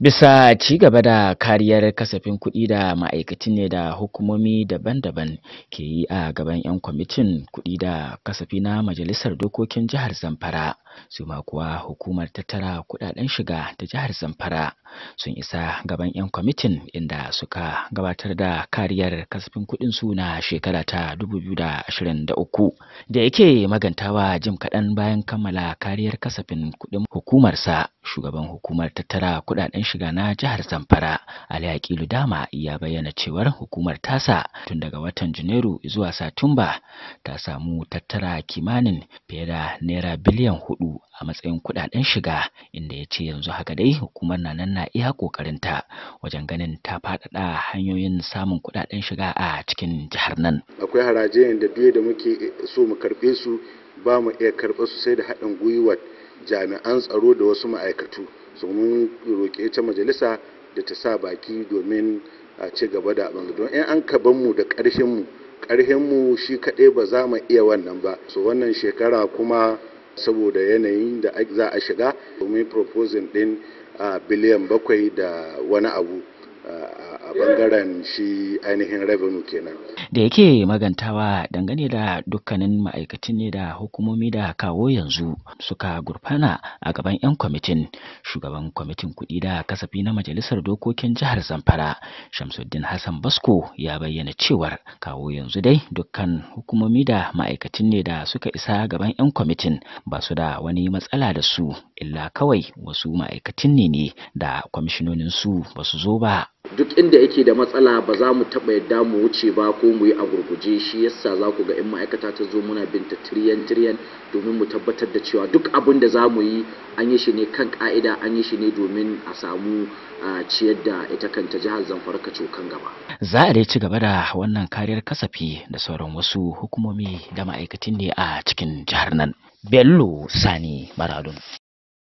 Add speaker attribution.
Speaker 1: bisa ci gaba da kariyar kasafin kuɗi da ma'aikaci ne da hukumomi daban-daban ke yi a gaban 'yan kwamitin kuɗi da kasafi na majalisar dokokin jihar zamfara su ma kuwa hukumar tattara kudaden shiga ta jihar zamfara sun isa gaban 'yan kwamitin inda suka gabatar da kariyar kasafin kudin su na shekara ta 2023 da yake magantawa jim kaɗan bayan kammala kariyar kasafin kudin hukumarsa shugaban hukumar tattara kudaden shiga na jihar zamfara ali aqilu dama ya bayyana cewar hukumar tasa tun daga watan janairu zuwa satumba ta samu tattara kimanin fiye da naira biliyan huɗu. hudu a matsayin kudaden shiga inda ya ce yanzu haka dai hukumar na nan na iya kokarinta wajen ganin ta faɗaɗa hanyoyin samun kudaden shiga a cikin jihar nan
Speaker 2: akwai harajiyan da biye da muke so mu karɓe su ba mu iya karɓa su sai da haɗin gwiwar jami'an tsaro da wasu ma'aikatu su mun roƙe ta majalisa da ta sa baki domin a ci gaba da abin don in an kaban mu da ƙarfin mu ƙarfin mu shi kaɗai ba za mu iya wannan ba so wannan shekara kuma saboda yanayin da za a shiga domin proposing din ah, biliyan bakwai da wani abu ah, bangaren shi ainihin revenue kenan
Speaker 1: da yake magantawa dangane da dukkanin maaikacin ne da hukumomi da kawo yanzu suka gurfana a gaban 'yan kwamitin shugaban kwamitin kuɗi da kasafi na majalisar dokokin jihar zamfara shamsuddin hassan basko ya bayyana cewar kawo yanzu dai dukkan hukumomi da maaikacin ne da suka isa gaban 'yan kwamitin ba su da wani matsala da su illa kawai wasu maaikacin ne ne da kwamishinonin su ba su zo ba
Speaker 3: duk inda yake da matsala ba za mu taɓa yadda mu wuce ba ko mu yi a gurguje shi yasa za ku ga in ma'aikata ta zo muna binta tiriyan tiriyan domin mu tabbatar da cewa duk abin da za mu yi an yi shi ne kan ka'ida an yi shi ne domin a samu ciyar da ita kanta jihar zamfara cokan gaba.
Speaker 1: za a dai ci gaba da wannan kariyar kasafi da sauran wasu hukumomi da ma'aikatan ne a cikin jihar nan bello sani maradun